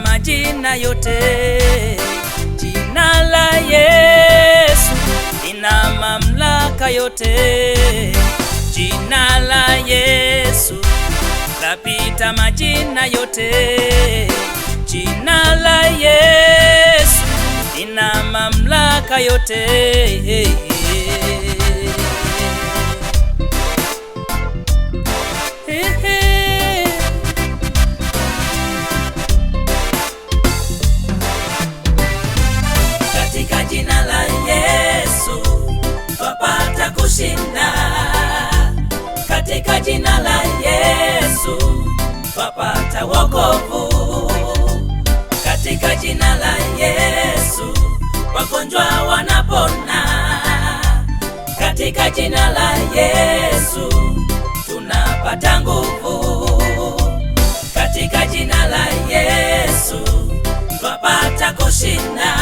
majina yote, jina la Yesu lina mamlaka yote, jina la Yesu lapita majina yote, jina la Yesu lina mamlaka yote. jina la Yesu twapata wokovu, katika jina la Yesu wagonjwa wanapona, katika jina la Yesu tunapata nguvu, katika jina la Yesu twapata kushinda,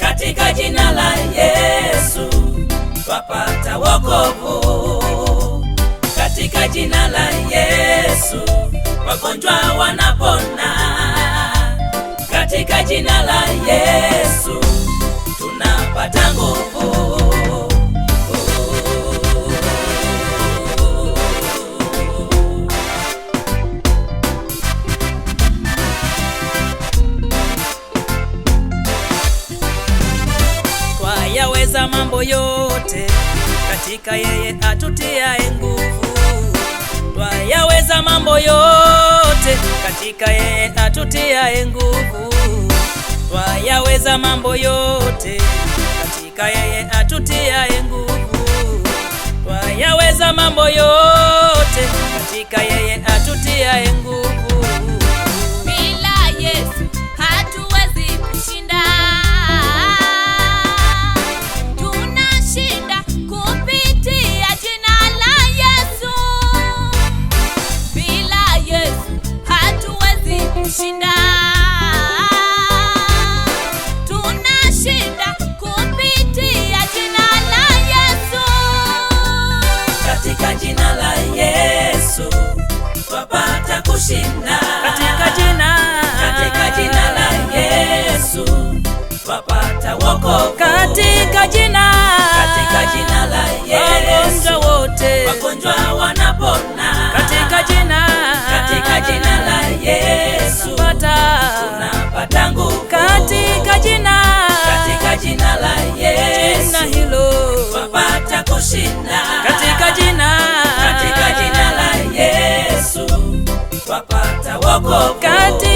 katika jina la Yesu twapata wokovu jina la Yesu wagonjwa wanapona, katika jina la Yesu tunapata nguvu. Twayaweza mambo yote katika yeye atutiaye nguvu twayaweza mambo yote, katika yeye atutiaye nguvu. twayaweza mambo yote, katika yeye atutiaye nguvu. twayaweza mambo yote twapata wokovu katika jina katika jina la Yesu. Wagonjwa wote wagonjwa wanapona katika jina katika jina la Yesu. Pata tunapata nguvu katika jina katika jina la Yesu. Jina hilo twapata kushinda katika jina katika jina la Yesu. Twapata wokovu